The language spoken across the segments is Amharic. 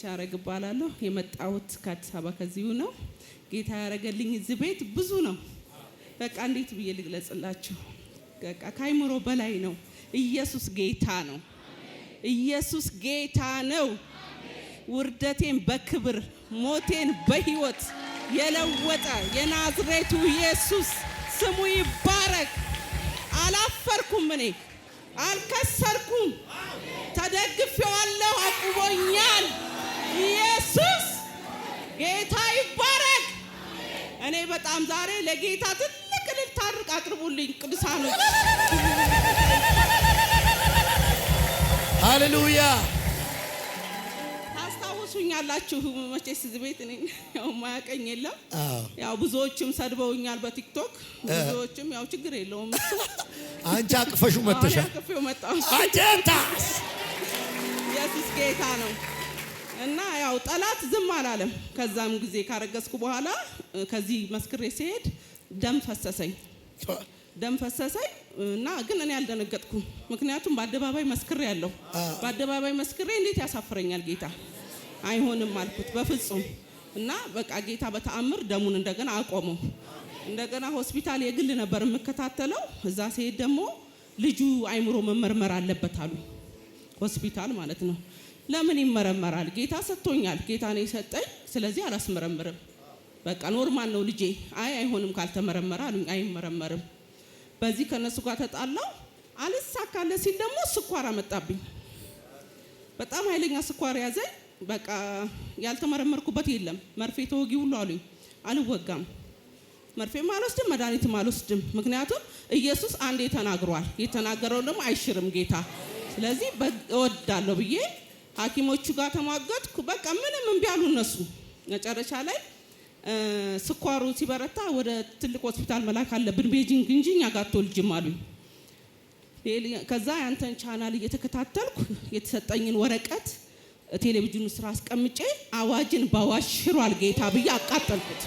ቻረግ እባላለሁ። የመጣሁት ከአዲስ አበባ ከዚሁ ነው። ጌታ ያደረገልኝ እዚህ ቤት ብዙ ነው። በቃ እንዴት ብዬ ልግለጽላችሁ? በቃ ከአይምሮ በላይ ነው። ኢየሱስ ጌታ ነው። ኢየሱስ ጌታ ነው። ውርደቴን በክብር ሞቴን በሕይወት የለወጠ የናዝሬቱ ኢየሱስ ስሙ ይባረክ። አላፈርኩም፣ እኔ አልከሰርኩም። ተደግፌዋለሁ። አቁሞኛል። ኢየሱስ ጌታ ይባረክ። እኔ በጣም ዛሬ ለጌታ ትልቅ እልልታ አቅርቡልኝ ቅዱሳኖች። ሃሌሉያ ታስታውሱኛላችሁ። መቼስ እዚህ ቤት ያው ማያቀኝ የለም። ያው ብዙዎችም ሰድበውኛል በቲክቶክ ብዙዎችም ያው ችግር የለውም አንቺ አቅፈሹ መጥተሻል። አቅፌው መጣሁ። ኢየሱስ ጌታ ነው። እና ያው ጠላት ዝም አላለም። ከዛም ጊዜ ካረገዝኩ በኋላ ከዚህ መስክሬ ሲሄድ ደም ፈሰሰኝ ደም ፈሰሰኝ እና ግን እኔ አልደነገጥኩ። ምክንያቱም በአደባባይ መስክሬ አለው በአደባባይ መስክሬ እንዴት ያሳፍረኛል ጌታ አይሆንም አልኩት በፍጹም እና በቃ ጌታ በተአምር ደሙን እንደገና አቆመው። እንደገና ሆስፒታል የግል ነበር የምከታተለው። እዛ ሲሄድ ደግሞ ልጁ አይምሮ መመርመር አለበት አሉ ሆስፒታል ማለት ነው ለምን ይመረመራል? ጌታ ሰጥቶኛል። ጌታ ነው የሰጠኝ። ስለዚህ አላስመረምርም። በቃ ኖርማል ነው ልጄ። አይ አይሆንም ካልተመረመረ አይመረመርም። በዚህ ከነሱ ጋር ተጣላው። አልሳካለ ሲል ደግሞ ስኳር አመጣብኝ። በጣም ኃይለኛ ስኳር ያዘኝ። በቃ ያልተመረመርኩበት የለም። መርፌ ተወጊ ሁሉ አሉኝ። አልወጋም። መርፌም አልወስድም፣ መድኃኒትም አልወስድም። ምክንያቱም ኢየሱስ አንዴ ተናግሯል። የተናገረው ደግሞ አይሽርም ጌታ። ስለዚህ እወዳለሁ ብዬ ሐኪሞቹ ጋር ተሟገጥኩ። በቃ ምንም እምቢ አሉ እነሱ። መጨረሻ ላይ ስኳሩ ሲበረታ ወደ ትልቅ ሆስፒታል መላክ አለብን ቤጂንግ እንጂ እኛ ጋር አትወልጅም አሉኝ። ከዛ ያንተን ቻናል እየተከታተልኩ የተሰጠኝን ወረቀት ቴሌቪዥኑ ስራ አስቀምጬ አዋጅን በአዋጅ ሽሯል ጌታ ብዬ አቃጠልኩት።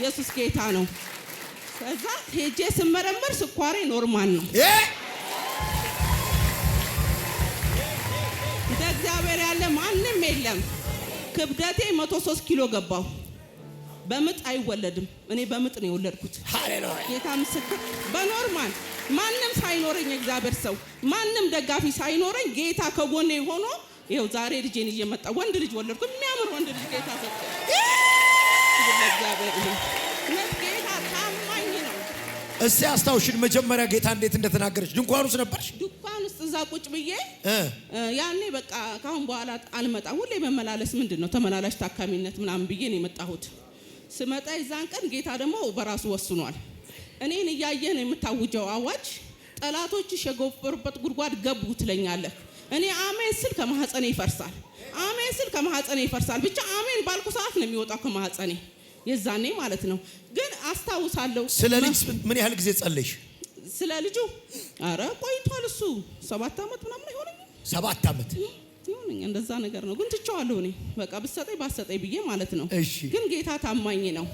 ኢየሱስ ጌታ ነው። ከዛ ሄጄ ስመረመር ስኳሬ ኖርማል ነው። የለም። ክብደቴ 103 ኪሎ ገባው በምጥ አይወለድም። እኔ በምጥ ነው የወለድኩት። ሃሌሉያ ጌታ ምስክር። በኖርማል ማንም ሳይኖረኝ እግዚአብሔር ሰው ማንም ደጋፊ ሳይኖረኝ ጌታ ከጎኔ ሆኖ ይኸው ዛሬ ልጄን እየመጣ ወንድ ልጅ ወለድኩ። የሚያምር ወንድ ልጅ ጌታ ሰጠ። ታማኝ ነው። እስቲ አስታውሽን፣ መጀመሪያ ጌታ እንዴት እንደተናገረች ድንኳን ውስጥ ነበርሽ። እዛ ቁጭ ብዬ ያኔ በቃ ካሁን በኋላ አልመጣም፣ ሁሌ መመላለስ ምንድን ነው ተመላላሽ ታካሚነት ምናምን ብዬ ነው የመጣሁት። ስመጣ የዛን ቀን ጌታ ደግሞ በራሱ ወስኗል። እኔን እያየህ ነው የምታውጀው አዋጅ፣ ጠላቶችሽ የጎበሩበት ጉድጓድ ገቡ ትለኛለህ። እኔ አሜን ስል ከማህፀኔ ይፈርሳል፣ አሜን ስል ከማህፀኔ ይፈርሳል። ብቻ አሜን ባልኩ ሰዓት ነው የሚወጣው ከማህፀኔ የዛኔ ማለት ነው። ግን አስታውሳለሁ። ስለ ልጅ ምን ያህል ጊዜ ጸለይሽ? ስለ ልጁ አረ ቆይቷል። እሱ ሰባት ዓመት ምናምን አይሆንም። ሰባት ዓመት ይሁንኝ እንደዛ ነገር ነው። ግን ትቼዋለሁ እኔ በቃ ብሰጠኝ ባሰጠኝ ብዬ ማለት ነው። ግን ጌታ ታማኝ ነው።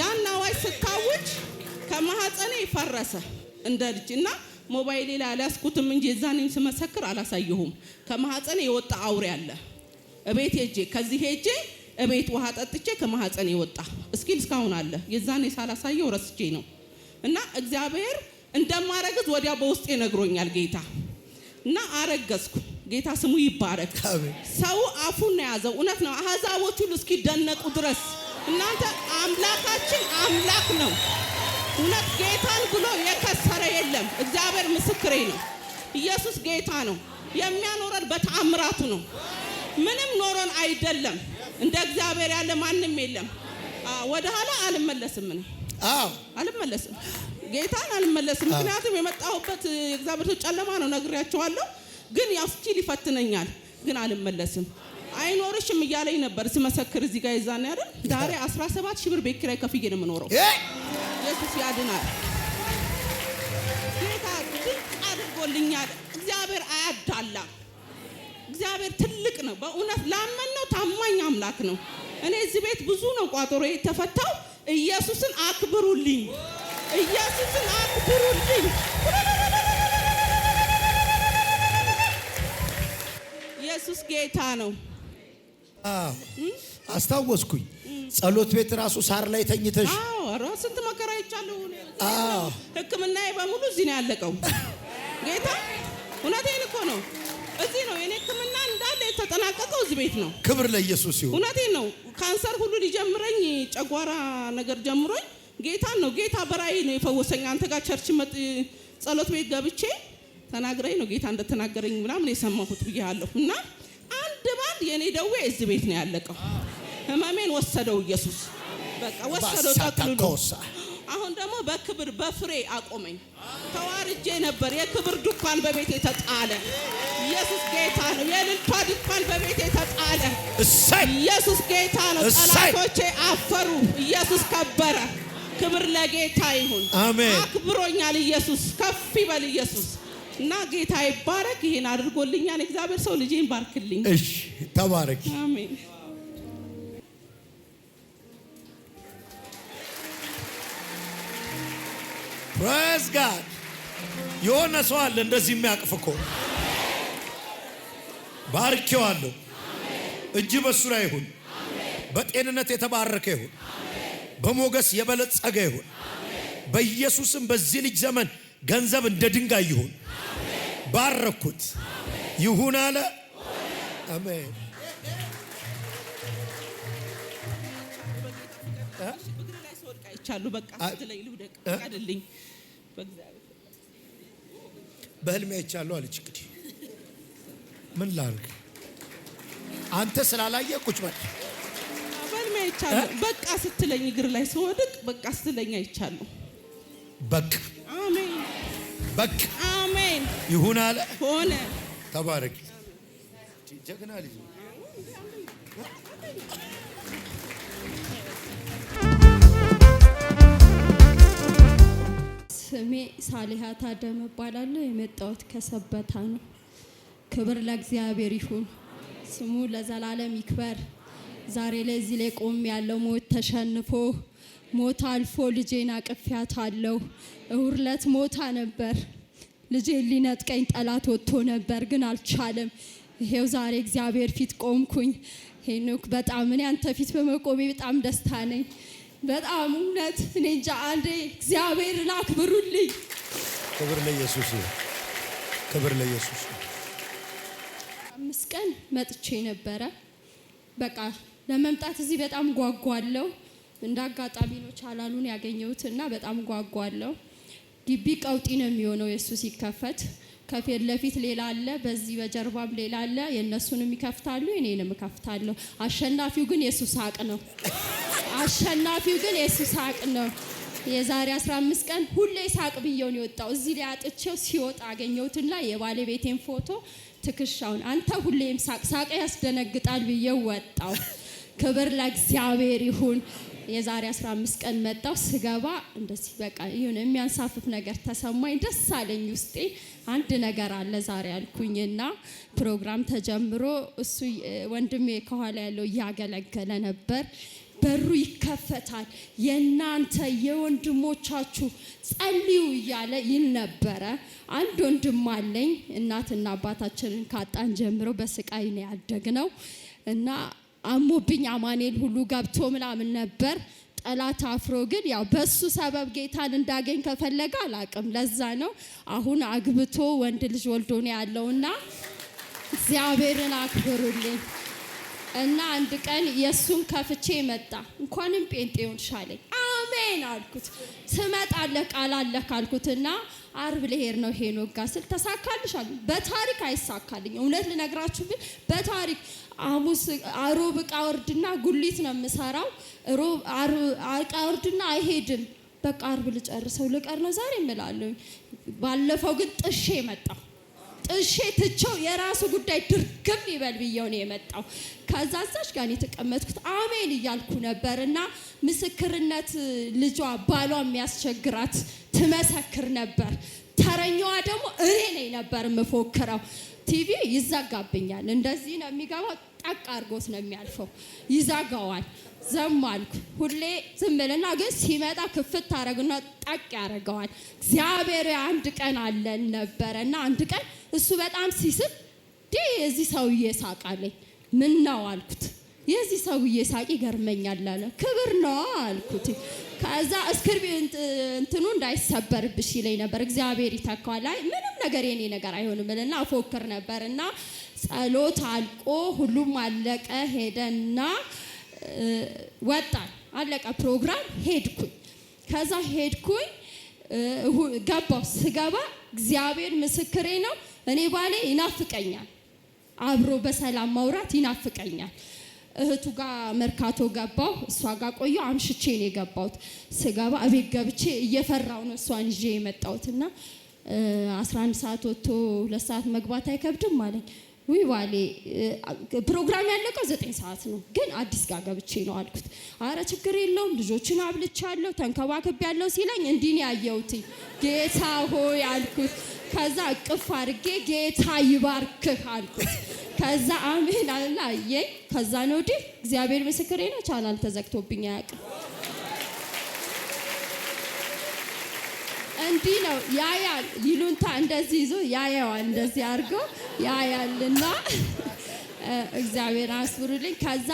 ያን አዋጅ ስታውጅ ከማህፀኔ ፈረሰ እንደ ልጅ እና ሞባይሌ ላይ አልያዝኩትም እንጂ የዛኔም ስመሰክር አላሳየሁም። ከማህፀኔ የወጣ አውሬ አለ እቤት ሄጄ ከዚህ ሄጄ እቤት ውሃ ጠጥቼ ከማህፀኔ የወጣ እስኪል እስካሁን አለ። የዛኔ ሳላሳየው ረስቼ ነው እና እግዚአብሔር እንደማረግዝ ወዲያ በውስጥ ይነግሮኛል ጌታ እና አረገዝኩ። ጌታ ስሙ ይባረክ። ሰው አፉን ነው የያዘው። እውነት ነው። አህዛቦች ሁሉ እስኪደነቁ ድረስ እናንተ አምላካችን አምላክ ነው። እውነት ጌታን ብሎ የከሰረ የለም። እግዚአብሔር ምስክሬ ነው። ኢየሱስ ጌታ ነው። የሚያኖረን በተአምራቱ ነው። ምንም ኖሮን አይደለም። እንደ እግዚአብሔር ያለ ማንም የለም። ወደ ኋላ አልመለስም። አዎ አልመለስም። ጌታን አልመለስም። ምክንያቱም የመጣሁበት የእግዚአብሔር ሰው ጨለማ ነው ነግሬያቸዋለሁ። ግን ያው ስቲል ይፈትነኛል፣ ግን አልመለስም። አይኖርሽም እያለኝ ነበር ስመሰክር እዚህ ጋር ይዛና አይደል ዛሬ 17 ሺህ ብር ቤት ኪራይ ከፍዬ ነው የምኖረው። ኢየሱስ ያድናል። ጌታ ድንቅ አድርጎልኛል። እግዚአብሔር አያዳላም። እግዚአብሔር ትልቅ ነው። በእውነት ላመን ነው ታማኝ አምላክ ነው። እኔ እዚህ ቤት ብዙ ነው ቋጠሮ የተፈታው። ኢየሱስን አክብሩልኝ። ኢየሱስን አክብሩልኝ። ኢየሱስ ጌታ ነው። አስታወስኩኝ። ጸሎት ቤት ራሱ ሳር ላይ ተኝተሽ ስንት መከራ ይቻለሁ። ሕክምና በሙሉ እዚህ ነው ያለቀው። ጌታ እውነቴን እኮ ነው። እዚህ ነው የኔ ሕክምና እንዳለ የተጠናቀቀው እዚህ ቤት ነው። ክብር ለኢየሱስ ይሁን። እውነቴን ነው። ካንሰር ሁሉ ሊጀምረኝ ጨጓራ ነገር ጀምሮኝ ጌታን ነው ጌታ በራእይ ነው የፈወሰኝ። አንተ ጋር ቸርች መጥ ጸሎት ቤት ገብቼ ተናግረኝ ነው ጌታ እንደተናገረኝ ምናምን የሰማሁት ብዬ አለሁ እና አንድ ባንድ የእኔ ደዌ እዚህ ቤት ነው ያለቀው። ህመሜን ወሰደው ኢየሱስ በቃ ወሰደው ጠቅልሎ። አሁን ደግሞ በክብር በፍሬ አቆመኝ። ተዋርጄ ነበር። የክብር ድኳን በቤቴ ተጣለ። ኢየሱስ ጌታ ነው። የልልቷ ድኳን በቤቴ ተጣለ። ኢየሱስ ጌታ ነው። ጠላቶቼ አፈሩ። ኢየሱስ ከበረ። ክብር ለጌታ ይሁን። አሜን። አክብሮኛል ኢየሱስ። ከፍ ይበል ኢየሱስ እና ጌታ ይባረክ። ይሄን አድርጎልኛል እግዚአብሔር። ሰው ልጄን ባርክልኝ። እሺ፣ ተባረክ። አሜን። ፕሬዝ ጋድ። የሆነ ሰው አለ እንደዚህ የሚያቅፍ እኮ ባርኬዋለሁ። እጅ በሱ ላይ ይሁን። በጤንነት የተባረከ ይሁን። በሞገስ የበለጸገ ይሁን። በኢየሱስም በዚህ ልጅ ዘመን ገንዘብ እንደ ድንጋይ ይሁን። ባረኩት ይሁን አለ። አሜን። በህልሜ አይቻለሁ አለች። እንግዲህ ምን ላርግ አንተ ስላላየ ቁጭ በል አይቻለሁ። በቃ ስትለኝ እግር ላይ ስወድቅ በቃ ስትለኝ አይቻለሁ። በቃ አሜን፣ በቃ አሜን። ይሁን አለ ሆነ። ተባረክ። ጀግና ልጅ ስሜ ሳሊሃ ታደመ እባላለሁ። የመጣሁት ከሰበታ ነው። ክብር ለእግዚአብሔር ይሁን፣ ስሙ ለዘላለም ይክበር። ዛሬ ላይ እዚህ ላይ ቆም ያለው ሞት ተሸንፎ ሞት አልፎ ልጄን አቅፊያት አለው። እውርለት ሞታ ነበር ልጄን ሊነጥቀኝ ጠላት ወጥቶ ነበር፣ ግን አልቻለም። ይሄው ዛሬ እግዚአብሔር ፊት ቆምኩኝ። ሄኖክ በጣም እኔ አንተ ፊት በመቆሜ በጣም ደስታ ነኝ። በጣም እውነት እኔ እንጃ። አንዴ እግዚአብሔርን አክብሩልኝ። ክብር ለኢየሱስ፣ ክብር ለኢየሱስ። አምስት ቀን መጥቼ ነበረ በቃ ለመምጣት እዚህ በጣም ጓጓለሁ። እንደ አጋጣሚ ነው ቻላሉን ያገኘሁት እና በጣም ጓጓለሁ። ግቢ ቀውጢ ነው የሚሆነው የእሱ ሲከፈት። ከፊት ለፊት ሌላ አለ፣ በዚህ በጀርባም ሌላ አለ። የእነሱንም ይከፍታሉ፣ እኔንም እከፍታለሁ። አሸናፊው ግን የእሱ ሳቅ ነው። አሸናፊው ግን የእሱ ሳቅ ነው። የዛሬ 15 ቀን ሁሌ ሳቅ ብየውን የወጣው እዚህ ላይ አጥቼው ሲወጣ አገኘሁትና የባለቤቴን ፎቶ ትከሻውን አንተ ሁሌም ሳቅ ሳቅ ያስደነግጣል ብየው ወጣው። ክብር ለእግዚአብሔር ይሁን። የዛሬ 15 ቀን መጣው ስገባ እንደዚህ በቃ ይሁን የሚያንሳፍፍ ነገር ተሰማኝ። ደስ አለኝ ውስጤ አንድ ነገር አለ ዛሬ አልኩኝና ፕሮግራም ተጀምሮ እሱ ወንድሜ ከኋላ ያለው እያገለገለ ነበር። በሩ ይከፈታል። የእናንተ የወንድሞቻችሁ ጸልዩ እያለ ይል ነበረ። አንድ ወንድም አለኝ። እናትና አባታችንን ካጣን ጀምሮ በስቃይ ነው ያደግነው እና አሞብኝ አማኔል ሁሉ ገብቶ ምናምን ነበር። ጠላት አፍሮ ግን ያው በሱ ሰበብ ጌታን እንዳገኝ ከፈለገ አላቅም። ለዛ ነው አሁን አግብቶ ወንድ ልጅ ወልዶ ነው ያለውና እግዚአብሔርን አክብሩልኝ። እና አንድ ቀን የእሱን ከፍቼ መጣ። እንኳንም ጴንጤ ሆንሽ አለኝ። አሜን አልኩት። ትመጣለህ ቃል አለህ አልኩት እና አርብ ልሄድ ነው ሄኖክ ጋር ስል ተሳካልሽ አለ። በታሪክ አይሳካልኝ እውነት ልነግራችሁ ግን በታሪክ ሐሙስ አሮብ እቃ ወርድና ጉሊት ነው የምሰራው። ሮብ እቃ ወርድና አይሄድም። በቃ አርብ ልጨርሰው ልቀር ነው ዛሬ እምላለሁ። ባለፈው ግን ጥሼ መጣሁ። ጥሼ ትቼው የራሱ ጉዳይ ድርግም ይበል ብየው ነው የመጣው። ከዛ እዛች ጋር የተቀመጥኩት አሜን እያልኩ ነበር እና ምስክርነት ልጇ ባሏ የሚያስቸግራት ትመሰክር ነበር። ተረኛዋ ደግሞ እኔ ነኝ ነበር የምፎክረው ቲቪ ይዘጋብኛል። እንደዚህ ነው የሚገባው፣ ጠቅ አድርጎት ነው የሚያልፈው፣ ይዘጋዋል። ዘም አልኩ ሁሌ ዝምልና ግን ሲመጣ ክፍት አረግና ጠቅ ያደርገዋል። እግዚአብሔር አንድ ቀን አለን ነበረ እና አንድ ቀን እሱ በጣም ሲስብ ዴ እዚህ ሰውዬ ሳቃለኝ ምን ነው አልኩት የዚህ ሰውዬ ሳቂ ገርመኛል አለ። ክብር ነው አልኩት። ከዛ እስክርቢ እንትኑ እንዳይሰበርብሽ ይለኝ ነበር። እግዚአብሔር ይተካዋል። አይ ምንም ነገር የኔ ነገር አይሆንም እልና እፎክር ነበር እና ጸሎት አልቆ ሁሉም አለቀ። ሄደና ወጣን። አለቀ ሄደና ወጣ አለቀ ሄድኩኝ። ከዛ ሄድኩኝ ገባሁ። ስገባ እግዚአብሔር ምስክሬ ነው። እኔ ባሌ ይናፍቀኛል። አብሮ በሰላም ማውራት ይናፍቀኛል። እህቱ ጋር መርካቶ ገባሁ። እሷ ጋር ቆየሁ። አምሽቼ ነው የገባሁት። ስገባ እቤት ገብቼ እየፈራሁ ነው እሷን ይዤ የመጣሁት እና 11 ሰዓት ወጥቶ ሁለት ሰዓት መግባት አይከብድም አለኝ። ውይ ባሌ ፕሮግራም ያለቀው ዘጠኝ ሰዓት ነው፣ ግን አዲስ ጋር ገብቼ ነው አልኩት። አረ ችግር የለውም ልጆችን አብልቻለሁ ተንከባክቤያለሁ ሲለኝ እንዲህ ነው ያየሁት። ጌታ ሆይ አልኩት ከዛ እቅፍ አድርጌ ጌታ ይባርክህ አልኩት። ከዛ አሜን አለና አየኝ። ከዛ ነው ወዲህ እግዚአብሔር ምስክሬ ነው፣ ቻናል ተዘግቶብኝ አያውቅም። እንዲህ ነው ያያል፣ ይሉንታ እንደዚህ ይዞ ያየዋል፣ እንደዚህ አድርጎ እና እግዚአብሔር አስብሩልኝ። ከዛ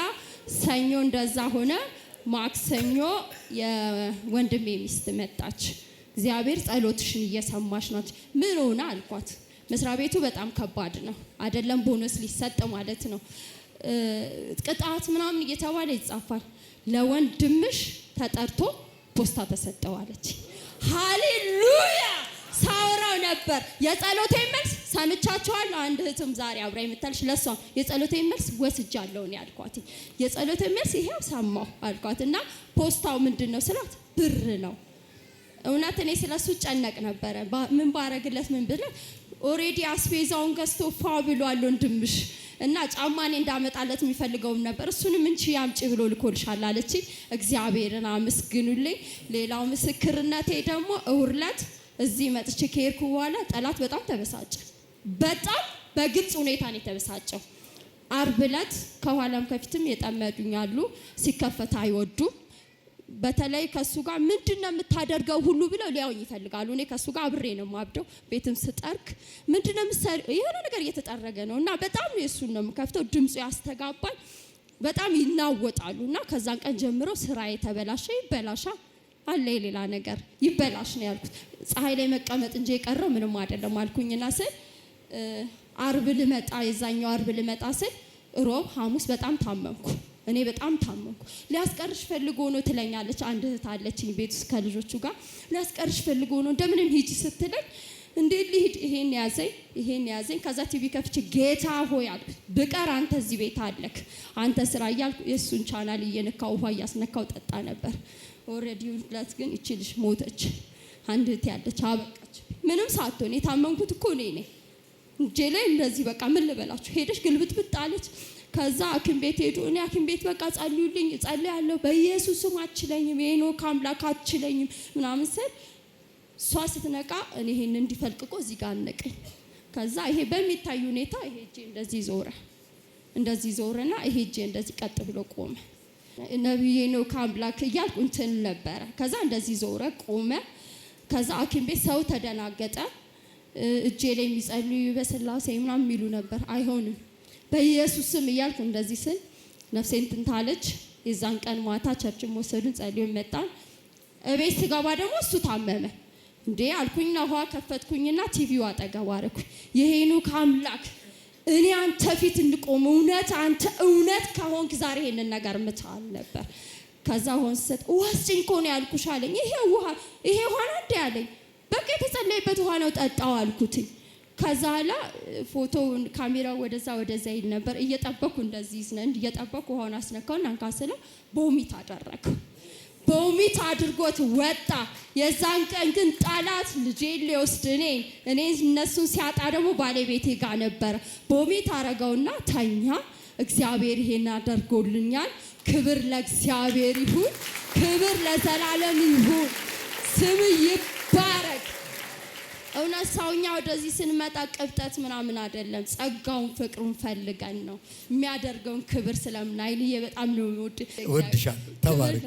ሰኞ እንደዛ ሆነ። ማክሰኞ የወንድሜ ሚስት መጣች። እግዚአብሔር ጸሎትሽን እየሰማሽ ናት። ምን ሆነ አልኳት። መስሪያ ቤቱ በጣም ከባድ ነው አይደለም፣ ቦነስ ሊሰጥ ማለት ነው ቅጣት ምናምን እየተባለ ይጻፋል። ለወንድምሽ ተጠርቶ ፖስታ ተሰጠው አለች። ሃሌሉያ ሳውራው ነበር የጸሎቴ መልስ ሰምቻቸዋለሁ። አንድ እህትም ዛሬ አብራ የምታልሽ ለሷ የጸሎቴ መልስ ወስጃለሁ ነው ያልኳት። የጸሎቴ መልስ ይሄው ሰማሁ አልኳት እና ፖስታው ምንድን ነው ስላት ብር ነው እውነት እኔ ስለሱ ጨነቅ ነበረ። ምን ባረግለት ምን ብለ ኦሬዲ አስቤዛውን ገዝቶ ፋ ብሏል ወንድምሽ እና ጫማኔ እንዳመጣለት የሚፈልገውም ነበር። እሱንም እንቺ ያምጪ ብሎ ልኮልሻል አለች። እግዚአብሔርን አመስግኑልኝ። ሌላው ምስክርነቴ ደግሞ እውርለት እዚህ መጥቼ ከሄድኩ በኋላ ጠላት በጣም ተበሳጨ። በጣም በግልጽ ሁኔታ ነው የተበሳጨው። አርብ ዕለት ከኋላም ከፊትም የጠመዱኝ አሉ። ሲከፈት አይወዱም በተለይ ከእሱ ጋር ምንድን ነው የምታደርገው ሁሉ ብለው ሊያውኝ ይፈልጋሉ። እኔ ከእሱ ጋር አብሬ ነው ማብደው። ቤትም ስጠርክ ምንድን ነው የሆነ ነገር እየተጠረገ ነው እና በጣም የእሱን ነው የምከፍተው። ድምፁ ያስተጋባል። በጣም ይናወጣሉ እና ከዛን ቀን ጀምሮ ስራ የተበላሸ ይበላሻ አለ የሌላ ነገር ይበላሽ ነው ያልኩት። ፀሐይ ላይ መቀመጥ እንጂ የቀረው ምንም አይደለም አልኩኝና ስል አርብ ልመጣ የዛኛው አርብ ልመጣ ስል ሮብ ሐሙስ በጣም ታመምኩ። እኔ በጣም ታመንኩ። ሊያስቀርሽ ፈልጎ ነው ትለኛለች። አንድ እህት አለችኝ ቤት ውስጥ ከልጆቹ ጋር ሊያስቀርሽ ፈልጎ ነው እንደምንም ሂጂ ስትለኝ እንዴት ልሂድ? ይሄን ያዘኝ፣ ይሄን ያዘኝ። ከዛ ቲቪ ከፍቼ ጌታ ሆይ አልኩት፣ ብቀር አንተ እዚህ ቤት አለክ፣ አንተ ስራ እያልኩ የእሱን ቻናል እየነካው ውሃ እያስነካው ጠጣ ነበር። ኦልሬዲ ሁለት ግን እቺ ሞተች። አንድ እህት ያለች አበቃች። ምንም ሳትሆን የታመንኩት እኮ እኔ ነኝ። እጄ ላይ እንደዚህ በቃ ምን ልበላችሁ ሄደች፣ ግልብት ብጣለች። ከዛ ሐኪም ቤት ሄዱ። እኔ ሐኪም ቤት በቃ ጸልዩልኝ፣ ጸልያለሁ ስም አችለኝም የሄኖክ አምላክ አችለኝም ምናምን ስል እሷ ስትነቃ እኔ ይሄን እንዲፈልቅቆ እዚህ ጋር አነቀኝ። ከዛ ይሄ በሚታይ ሁኔታ ይሄ እጄ እንደዚህ ዞረ፣ እንደዚህ ዞረና ይሄ እጄ እንደዚህ ቀጥ ብሎ ቆመ። ነብዬ ነው ከአምላክ እያልኩ እንትን ነበረ። ከዛ እንደዚህ ዞረ ቆመ። ከዛ ሐኪም ቤት ሰው ተደናገጠ። እጄ ላይ የሚጸልዩ በስላሴ ምናምን የሚሉ ነበር። አይሆንም በኢየሱስ ስም እያልኩ እንደዚህ ስል ነፍሴን ትንታለች። የዛን ቀን ማታ ቸርችን መወሰዱን ጸልዮ መጣን። እቤት ስገባ ደግሞ እሱ ታመመ። እንዴ አልኩኝና ውሃ ከፈትኩኝና ቲቪው አጠገብ አደረኩኝ። ይሄኑ አምላክ እኔ አንተ ፊት እንቆም እውነት አንተ እውነት ከሆንክ ዛሬ ይሄንን ነገር ምታል ነበር። ከዛ ሆን ስት ወስጭኝ እኮ ነው ያልኩሽ አለኝ። ይሄ ውሃ ይሄ ውሃ ነው እንዴ አለኝ። በቃ የተጸለይበት ውሃ ነው ጠጣው አልኩትኝ። ከዛ ኋላ ፎቶ ካሜራው ወደዛ ወደዛ ይል ነበር። እየጠበኩ እንደዚህ ነን እየጠበኩ ውሃውን አስነካውን አንካስለው በሚት አደረገው። በሚት አድርጎት ወጣ። የዛን ቀን ግን ጠላት ልጄን ሊወስድ እኔ እኔ እነሱን ሲያጣ ደግሞ ባለቤቴ ጋር ነበረ። በሚት አረገውና ተኛ። እግዚአብሔር ይሄን አደርጎልኛል። ክብር ለእግዚአብሔር ይሁን። ክብር ለዘላለም ይሁን። ስም ይባረ እውነት ሰውኛ ወደዚህ ስንመጣ ቅብጠት ምናምን አይደለም። ጸጋውን ፍቅሩን ፈልገን ነው የሚያደርገውን ክብር ስለምናይል በጣም ነው ወድ ወድሻ ተባረክ